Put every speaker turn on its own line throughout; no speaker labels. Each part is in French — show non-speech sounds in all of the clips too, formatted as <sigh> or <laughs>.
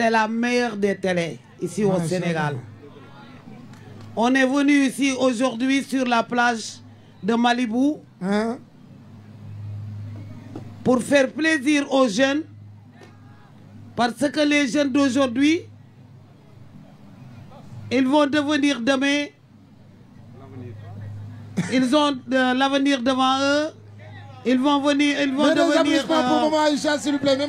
c'est la meilleure des télés ici au Sénégal. On est venu ici aujourd'hui sur la plage de Malibu hein? pour faire plaisir aux jeunes parce que les jeunes d'aujourd'hui, ils vont devenir demain, ils ont euh, l'avenir devant eux, ils vont venir, ils vont devenir... Euh, maman Aïcha, s'il vous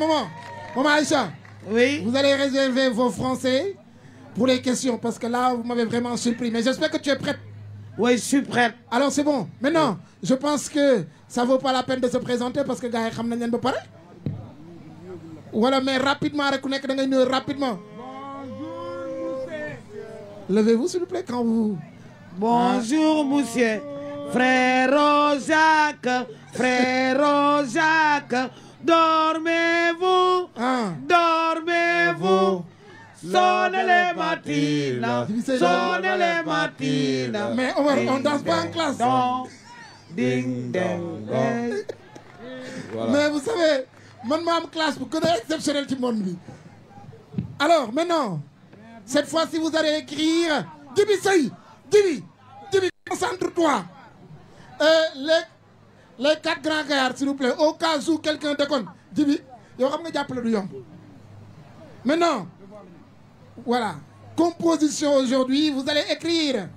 Maman Aïcha, oui. Vous allez réserver vos français pour les questions, parce que là, vous m'avez vraiment surpris. Mais j'espère que tu es prêt. Oui, je suis prêt. Alors, c'est bon. Maintenant, je pense que ça vaut pas la peine de se présenter parce que gars, xam nañ Voilà, mais rapidement, rapidement. Levez-vous, s'il vous plaît, quand vous... Bonjour, monsieur. Frère Jacques, frère Jacques. Dormez-vous, hein. dormez-vous. Sonnez les matines, sonnez les matines. Mais on, ne danse pas en classe. ding, dong, Mais vous savez, mon maman classe, vous connaissez exceptionnel du monde. Alors, maintenant, cette fois-ci, vous allez écrire Dibi Dibi, Dibi, concentre-toi. Euh, les les quatre grands gars, s'il vous plaît au cas où quelqu'un déconne Djibi il xam nga du maintenant voilà composition aujourd'hui vous allez écrire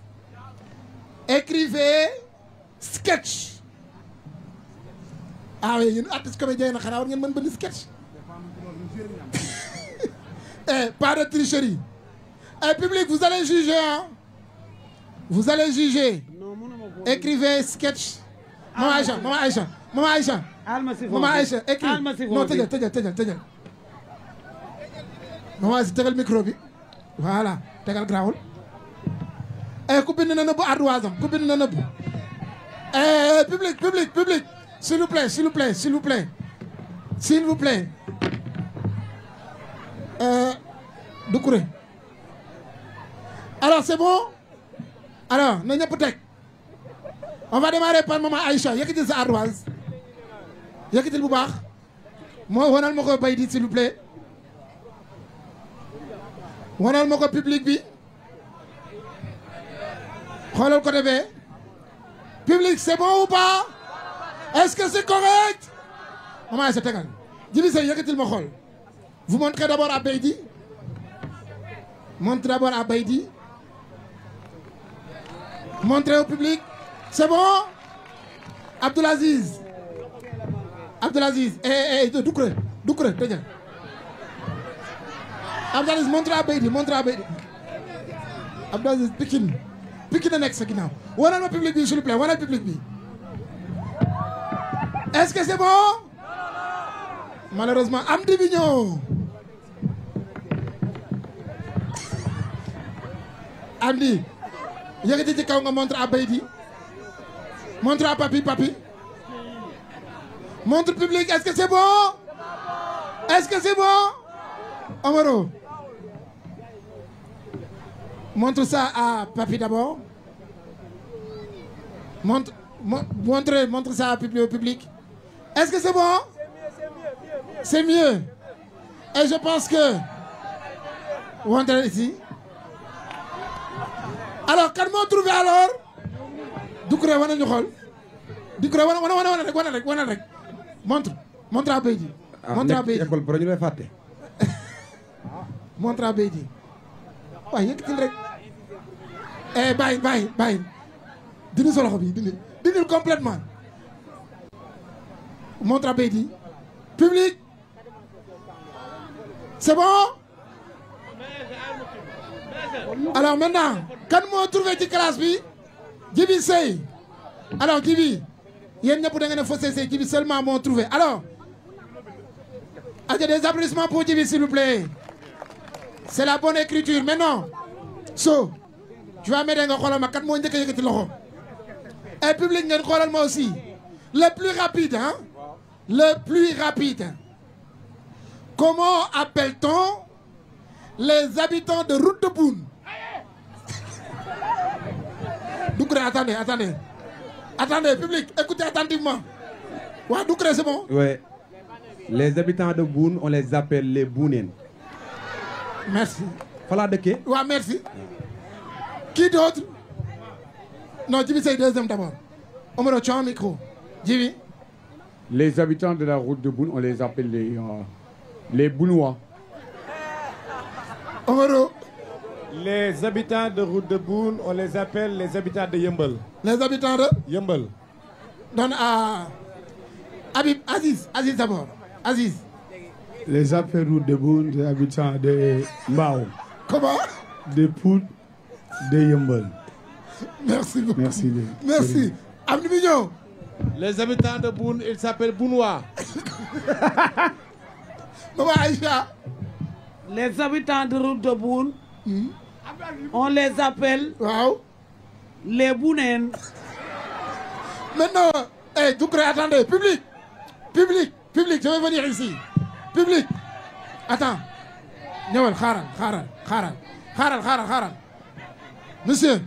écrivez sketch ah oui y artiste comédien na comédienne war ngeen mën un sketch <laughs> eh pas de tricherie Un eh, public vous allez juger hein. vous allez juger écrivez sketch maman Aïcha maman Aïcha maman Aïcha. maman Aïcha écris. non t'es tëjal t'es tëjal. maman Aïcha le micro bi voilà le grawul. eh coupez-nous nos bouts à coupez-nous nos eh public public public s'il vous plaît s'il vous plaît s'il vous plaît s'il vous plaît. Euh, Doucouré alors c'est bon alors pas de teg on va démarrer par maman Aïcha yëkkatil sa ardoise yëkkatil bu baax je wanal ma ko bay public, s'il vous plaît wanal ma public bi xoolal côté public c'est bon ou pas est-ce que c'est correct maman Aïcha tegal Djibi Sèye yëkkatil ma xool vous montrez d'abord à Baydi montrez d'abord à Baydi montrez au public c'est bon Abdelaziz. Abdelaziz. Eh, eh, eh Doukre. Doukre, très bien. Abdelaziz, montre à Beidi, montre à Beidi. Abdelaziz, pickin, Pekin next, Pekin. Voilà le public, s'il vous plaît. Voilà le public. Est-ce que c'est bon Malheureusement, Amdi Vignon. Amdi, il y a des gens qui montrent à Beidi. Montre à papy, papy. Montre public, est-ce que c'est bon Est-ce que c'est bon Omaro. Montre ça à papy d'abord. Montre, montre, montre ça au public. Est-ce que c'est bon C'est mieux, mieux, mieux, mieux. Et je pense que... Montre ici. Alors, comment trouver alors Doucouré wane ñu xool Doucouré wane wane wane rek wane rek montre montre montre à ah, <laughs> montre à béy ji waaye yëkkatil rek. eh bàyyi bàyyi bi dindi dindil complètement montre à béy ji bon. alors maintenant kan moo trouvé ci classe bi. Djibi Sey alors Djibi Il y da une a faussé Sey Djibi seulement m'ont trouvé alors. ajë des applaudissements pour Djibi s'il vous plaît c'est la bonne écriture maintenant so tu vas mettre un xoolal ma mois, moo njëkk a loxo et eh, public ngeen aussi le plus rapide hein le plus rapide comment appelle-t-on les habitants de Route Doucré, attendez, attendez. Attendez, public, écoutez attentivement. Ouais, Doucouré, c'est bon
Oui. Les habitants de Boun, on les appelle les Bounen.
Merci. Falla de qui Ouais, merci. Qui d'autre Non, Jimmy, c'est deuxième d'abord. Omero, tu as un micro. Jimmy
Les habitants de la route de Boun, on les appelle les, euh, les Bounois. Omero, les habitants de Route de Boune, on les
appelle les habitants de Yembel. Les habitants de Yembel. Donne euh, à Aziz, Aziz d'abord. Aziz. Les appels Route de Boune, les habitants de Mao. Comment De Poul, de Yembel. Merci beaucoup. Merci. Merci. Les habitants de Boune, ils s'appellent Bounois. <laughs> Maman Aïcha. Les habitants de Route de Boune. Hmm? on les appelle. les Bounens. maintenant hey attendez public public public je vais venir ici public attends ñëwal haral haral. khara. Khara, khara, khara. monsieur.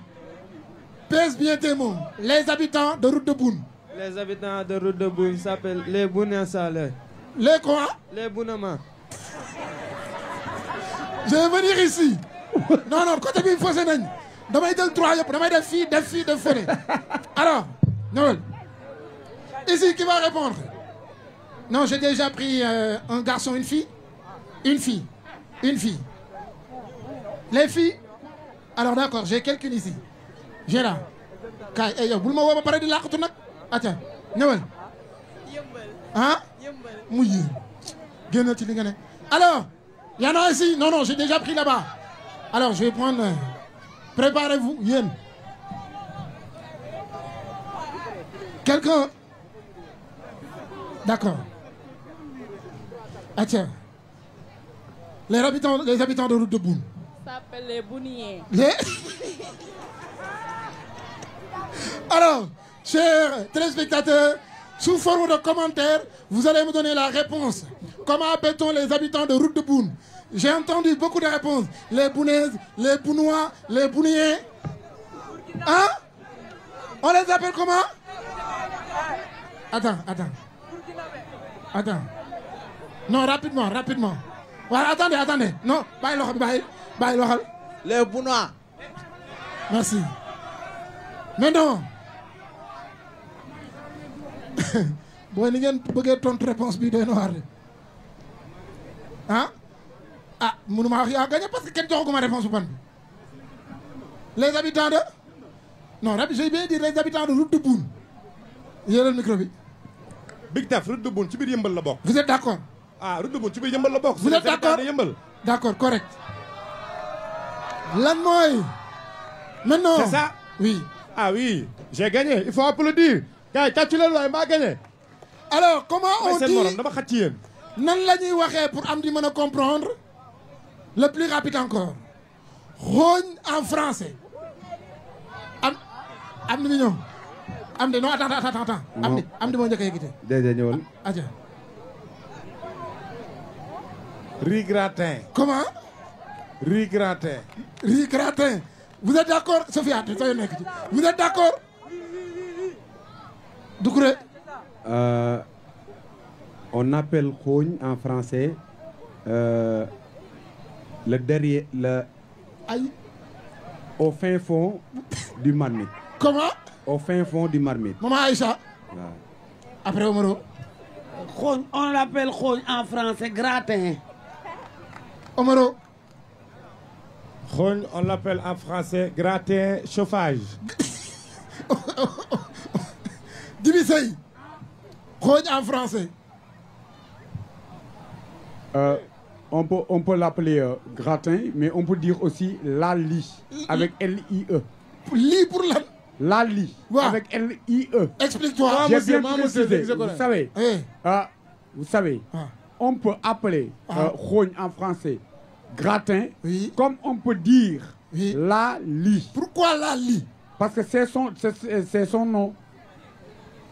pèse bien tes mots les habitants de route de Boune.
les habitants de route de Boune s'appellent les Bounensale. Salé.
les quoi. les Bounama. je vais venir ici non non côté bi faussé nañ damay jël trois yëpp damay def fi def fi def alors Noël, ici qui va répondre non j'ai déjà pris euh, un garçon une fille une fille une fille les filles alors d'accord j'ai quelqu'un ici j'ai là Attends, eh, Noël. yow bul ma ba di ah, ah? alors y en a ici non non j'ai déjà pris là-bas. Alors, je vais prendre. Préparez-vous, Yen. Quelqu'un. D'accord. Ah tiens. Les habitants, les habitants de route de Boune. Ça s'appelle
les Bouniens.
Alors, chers téléspectateurs, sous forme de commentaires, vous allez me donner la réponse. Comment appelle-t-on les habitants de Route de Boune J'ai entendu beaucoup de réponses. Les Bounaises, les Bounois, les Bouniers. Hein On les appelle comment Attends, attends. Attends. Non, rapidement, rapidement. Voilà, attendez, attendez. Non, bye, bye, Les Bounois. Merci. Mais non. boo il y a une réponse bi Hein? ah ah mon a gagné parce que quelqu'un a réponse répondu. les habitants de non j'ai bien dit les habitants de route de J'ai le micro Big Taf route de tu ci biir vous êtes d'accord. ah route de tu ci y yëmbal la box vous êtes d'accord. D'accord, correct. lan maintenant c'est ça oui. ah oui j'ai gagné il faut applaudir. gars tu le il m'a gagné. alors comment on dit nan la waxé pour am di comprendre le plus rapide encore rogne en français am am di am non attends attends attends am am di moo dé riz gratin comment riz gratin riz gratin vous êtes d'accord Sophia tu vous êtes d'accord
on appelle Khogne en français euh, le derrière, le, au fin fond
du marmite. Comment Au fin fond du marmite. Maman Aïcha Après Omaro on l'appelle Khogne en français gratin. Omaro Khogne, on l'appelle en français gratin chauffage. <laughs> Dimisei. Khogne en français
euh, on peut, on peut l'appeler euh, gratin, mais on peut dire aussi lali, avec L-I-E. Li pour la... Lali, lie, avec L-I-E. Explique-toi. J'ai bien précisé. Eh. Ah, vous savez, vous ah. savez on peut appeler ah. euh, rogne en français
gratin, comme on peut dire la lali. Pourquoi lali Parce que c'est son, son nom.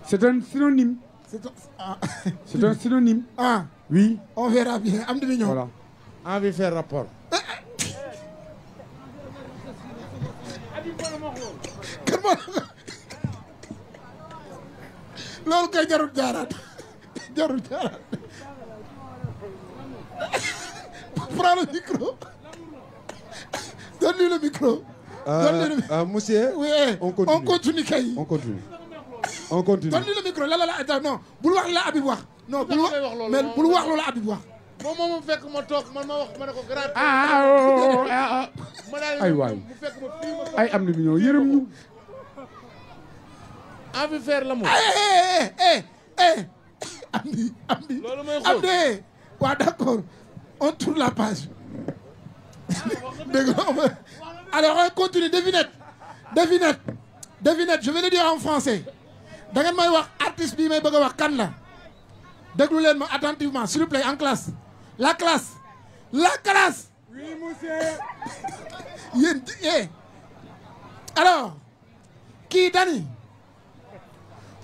C'est un synonyme. <laughs> C'est un, synonyme. Ah Oui. On verra bien. Voilà. On va faire rapport. Eh, eh. loolu kay jarul jarat. jarul jarat. prends le micro donne-lui le micro.
Euh, donne-lui le micro. Euh, monsieur.
oui on continue on continue kay. on continue on continue le micro là là là, non oh, la oh, non oh, wax mais oh, wax oh, oh, wax. oh, ah oh. Ah, waay ay am oh, oh, oh, oh ah, ah. ñu. en eh, eh, eh, d'accord on tourne la page alors on continue devinette devinette devinette je vais le dire en français da je may un artiste qui may bëgg a wax kan la ma attentivement s'il vous plaît en classe la classe la classe. oui monsieur. Eh. alors qui alors qui dani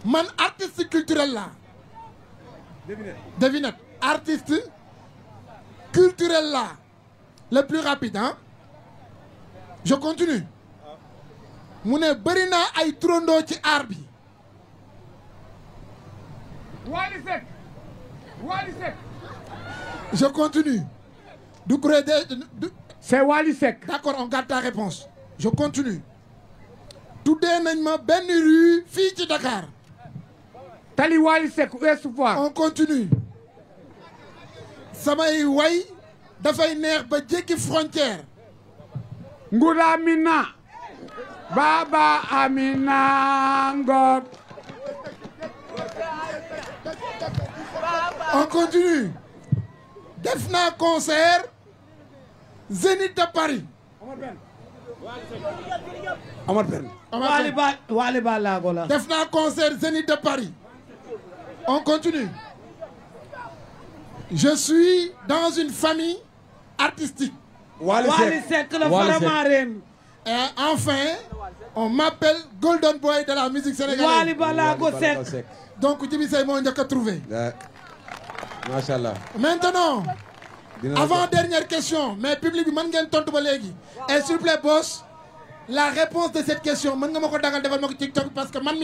man artiste culturel devinez. devinette artiste culturel là le plus rapide hein je continue ah. mu ne bëri naa ay turandoo je continue. C'est Walisek. D'accord, on garde ta réponse. Je continue. Tout nañ ma fille rue de Dakar. Tali Walisek, Seck on continue. samay Wai, d'affaire neex ba frontière. Ngoula Amina. Baba Amina on continue Defna concert Zenith de Paris. Amar Ben. Wali Ben. Wali Waliba la. concert Zenith de Paris. on continue. je suis dans une famille artistique. Wali et enfin on m'appelle Golden Boy de la musique sénégalaise. Wali donc Djibi Seye moo njëkk maintenant. avant dernière question mais public je vais ngeen tontu ba et s'il vous plaît boss. la réponse de cette question je nga ma ko dagal TikTok parce que man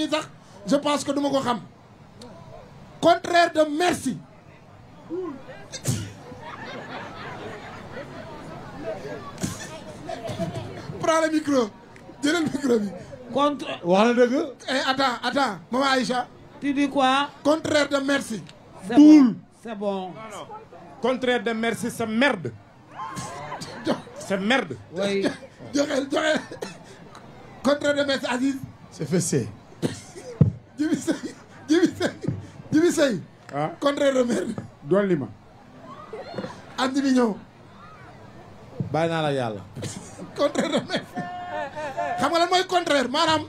je pense que nous ma xam. contraire de merci. <laughs> prends le micro le micro eh, attends attends maman Aïcha. tu dis quoi. contraire de merci. c'est c'est bon. Contraire de merci, c'est merde. C'est merde. Oui. Contraire de merci, Aziz. C'est fessé. Jibi Sey. Ah. Contraire de merde. Douane Lima. Andy Mignon. Baina la contraire de merde. Comment nga lan contraire Madame,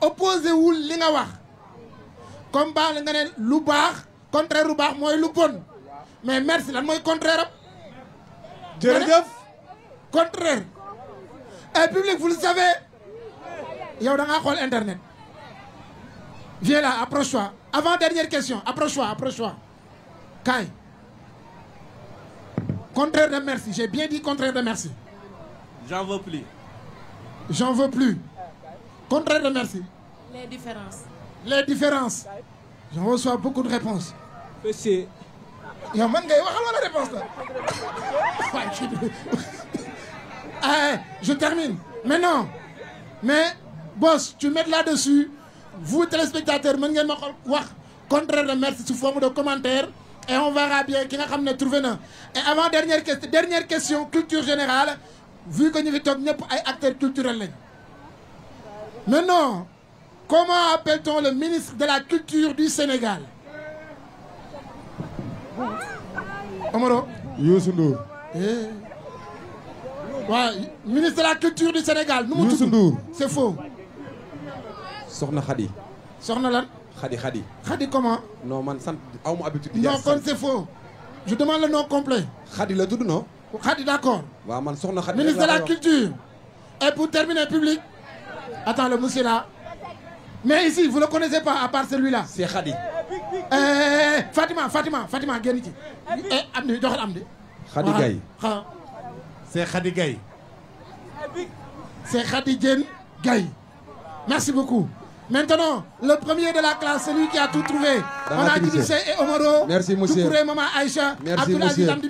Opposez-vous li nga wax. comme contraire ou pas, moi lu bon mais merci là moi contraire contraire. et eh, public vous le savez Il y a un rôle internet. viens là approche-toi avant dernière question approche-toi approche-toi Kai. contraire de merci j'ai bien dit contraire de merci. j'en veux plus. j'en veux plus. contraire de merci.
les différences.
les différences. J'en reçois beaucoup de réponses. Eh, je termine mais non mais boss tu mets là-dessus vous téléspectateurs Vous ngeen ma de merci sous forme de commentaires et on verra bien qui va trouver et avant dernière question dernière question culture générale vu que nous sommes tous acteurs culturels maintenant comment appelle-t-on le ministre de la culture du Sénégal Omaro Youssou Ndour eh. ministre de la culture du Sénégal nous Youssou c'est faux Sorna Khadi Sorna lan Khadi Khadi. Khadi comment non man sant habitude non c'est faux je demande le nom complet Khadi la tudd non Khadi d'accord Wa man Khadi ministre de la culture et pour terminer public attends le monsieur là mais ici vous le connaissez pas à part celui-là c'est Khadi Eh, eh, eh, Fatima Fatima Fatima génn ci. am di joxal am di. Khady Gaye ah c'est Khady Gaye. c'est Khady merci beaucoup. Maintenant, le premier de la classe, celui qui a tout trouvé. on a Dimissé et Omoro. Merci, monsieur. Toukouré, Maman Aïcha. Merci,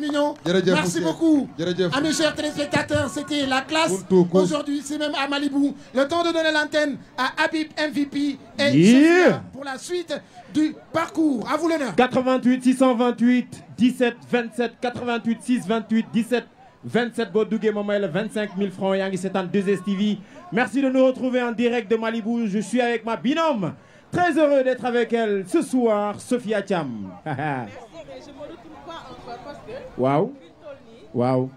Mignon. Merci beaucoup. À mes chers téléspectateurs, c'était la classe. Aujourd'hui, c'est même à Malibu. Le temps de donner l'antenne à Habib MVP et pour la suite du parcours. À vous
l'honneur. 88 628 17 27 88 628 17 27 bottes duggee 25 000 francs Yangis ngi seetaan stv merci de nous retrouver en direct de Malibu je suis avec ma binôme très heureux d'être avec elle ce soir Sophia Thiam. Wow, wow. Waouh.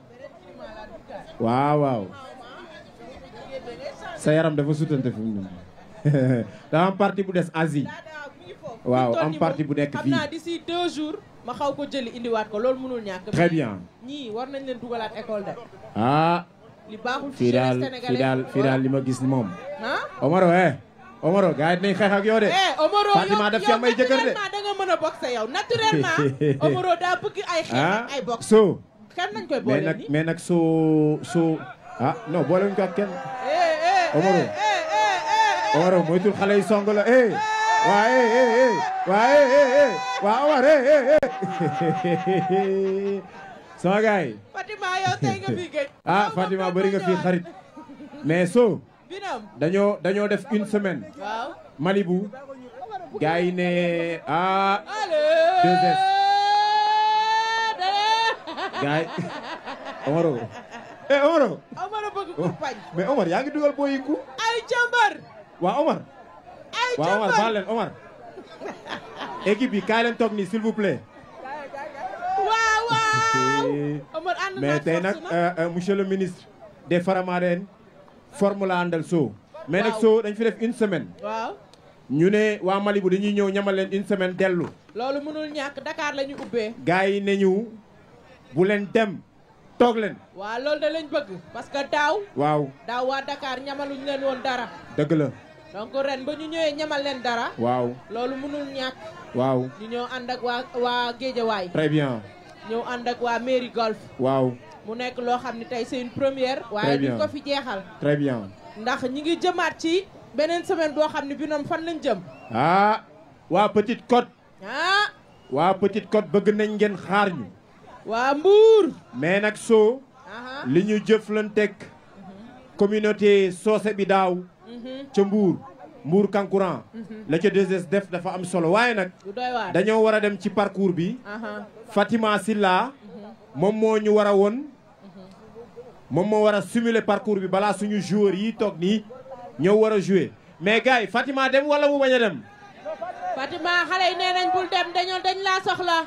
Waouh. Waouh, yaram dafa de vos mu ne. <laughs> daa am partie bu des Asie. Waouh, en partie
D'ici des jours. ma xaw ko ini indiwaat ko loolu mënul ñàkk. très bien ñii war nañ leen dugalaat école de. ah. li
li ma gis Omaro eh. Omaro gars yi dinañ ak yow de. Eh,
Omaro Fatima daf ci am ay de da nga mën boxe yow naturellement. <laughs> Omaro daa bëgg ay xeex ah, ay boxe. so nañ koy
mais ah non boolewuñu ko ak eh, eh, Omaro Omaro moytul xale yi song la eh wae wae wae sama gaay
Fatima yow tey nga fi gëj ah
Fatima bëri nga fi xarit mais so binam dañoo dañoo def une semaine waaw Malibu gaay ne ah 2S Omaro eh Omaro
Omaro bëgg ko pañ mais
Omar yaa ngi dugal boyiku ay Wah waa Omar
Wa Omar balen Omar
équipe bi kaay Wow, wow. nii s'il vous plaît. waaw waaw. mais tey nag euh, euh, monsieur le ministre. des Faramaren formula la so. soo. mais nag soo dañ fi def une semaine. waaw. ñu ne wa Malibu dañuy ñëw ñamal len une semaine Wow.
loolu mënul ñàkk Dakar la ñu ubbee.
gars bu dem toog leen.
waaw loolu da lañ bëgg. parce que daw. waaw Daw wa Dakar ñamaluñ leen won dara. dëgg la. donc ren dara. waaw loolu mënul waaw ñu très bien. ñëw and ak wa mairie golf. waaw mu nekk c'est une première. waaye duñ très bien. ndax ñi ngi jëmaat ci beneen semaine boo xam ne fan jëm.
ah Petite Côte. ah. Petite Côte bëgg nañ ngeen xaar ñu. waa mais nag soo. li ñu jëflanteeg mhm. communauté Mm-hmm. ca mbuur mbuur kankurang mm-hmm. la ca des def dafa am solo waye nak dañoo wara dem ci parcours bi uh-huh. Fatima Silla mom mm-hmm. moo ñu war a woon moom moo simuler parcours bi bala suñu joueur yi tok ni ñeu wara jouer mais gars Fatima dem wala mu baña dem
Fatima xalé yi nee bul dem dañoo dañ la soxla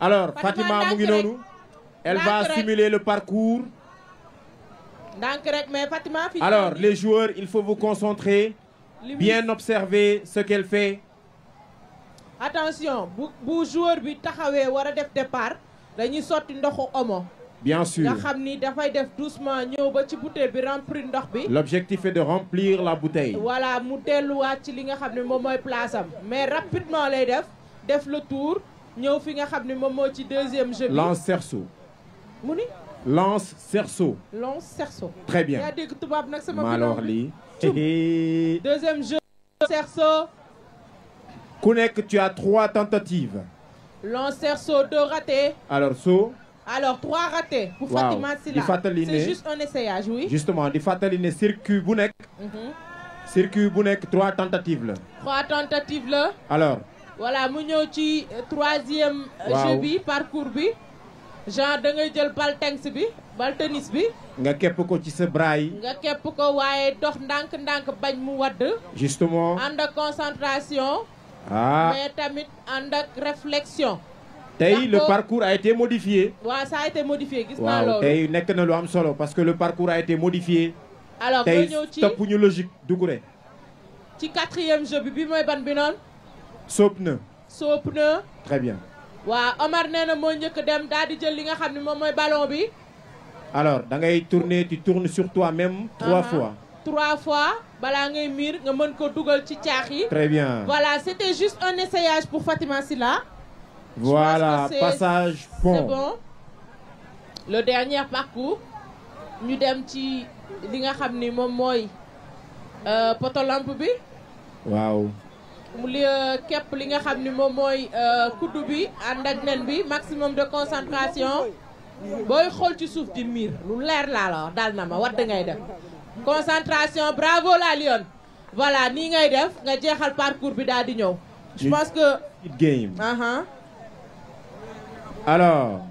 alors Fatima mu ngi nonu
elle va simuler
le parcours alors, les joueurs, il faut vous concentrer, bien observer ce qu'elle fait.
Attention, bu joueur bi taxawé wara def départ, dañuy soti ndoxu omo.
Bien sûr. L'objectif est de remplir la bouteille.
Voilà, Mais rapidement, les def, def le tour, ñeu fi nga xamni mom mo ci deuxième jeu. Lance cerceau. Mouni
Lance Cerceau.
Lance Cerceau. Très bien. Malorli.
Eh, eh.
deuxième jeu. Cerceau.
Kounek, tu as trois tentatives.
Lance Cerceau deux ratés.
alors saut.
alors trois ratés. Fatima c'est juste un essayage oui.
justement di fataline, ne circuit bu mhm. circuit Bounek, trois tentatives
trois tentatives là. alors. voilà mu troisième. Euh, jeu bi parcours genre da ngay jël tennis bi bal tennis bi.
nga képp ko ci sa bras yi.
nga képp ko
justement
de concentration.
ah mais
tamit réflexion.
tey le parcours a été modifié.
waaw ça a été modifié gis naa loolu. tey
nekk na am parce que le parcours a été modifié. alors logique
quatrième jeu bi bi ban bi noonu. soob na. très bien waaw Omar Nena mo ñëk dem daal di jël li nga xamni mom moy ballon bi.
alors da ngay tourner tu tournes sur toi-même. trois uh-huh. fois.
trois fois bala ngay mir nga mën ko duggal ci tiax yi. très bien voilà c'était juste un essayage pour Fatima Silla.
voilà passage pont c'est bon.
le dernier parcours ñu dem ci li nga xamni mom moy euh poto lampe bi. Waouh mu li euh, li nga xamni mom moy euh, kuddu bi ànd ak nen bi maximum de concentration boy xol ci souf di mir lu leer laa la wax dal na ma wadd ngay def concentration bravo la lion voilà ni ngay def nga jeexal parcours bi dal di ñew je pense que game uh alors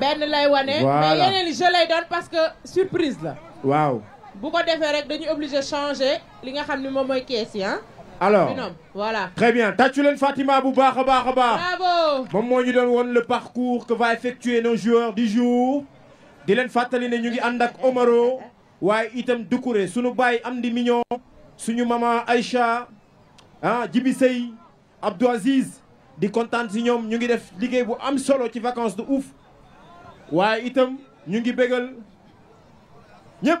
ben lay wané mais yeneen je lay donne parce que surprise la waaw bu ko defee rek dañu obligé changer li nga xam ni moom hein alors voilà.
très bien tàccu Fatima bu baax a bravo moom moo ñu doon le parcours que va effectuer nos joueurs du jour. di leen fàttali ne ñu ngi ànd ak Omaro waaye itam Doucouré suñu baay Amdi Mignon suñu Mama Aïcha ah Djibi Sey Abdou Aziz di kontaan si ñoom ñu ngi def ligue bu am solo ci vacances de ouf waaye itam ñu ngi bégal ñëpp.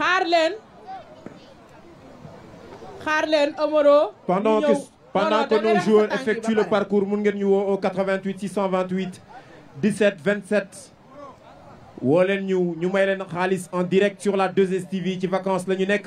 Harlen. Harlen, amoro. pendant que pendant que nos joueurs effectuent
le parcours nous sommes au 88 628 17 27. Wallen new, ñu ñu en direct sur la 2STV qui vacances le Nunek.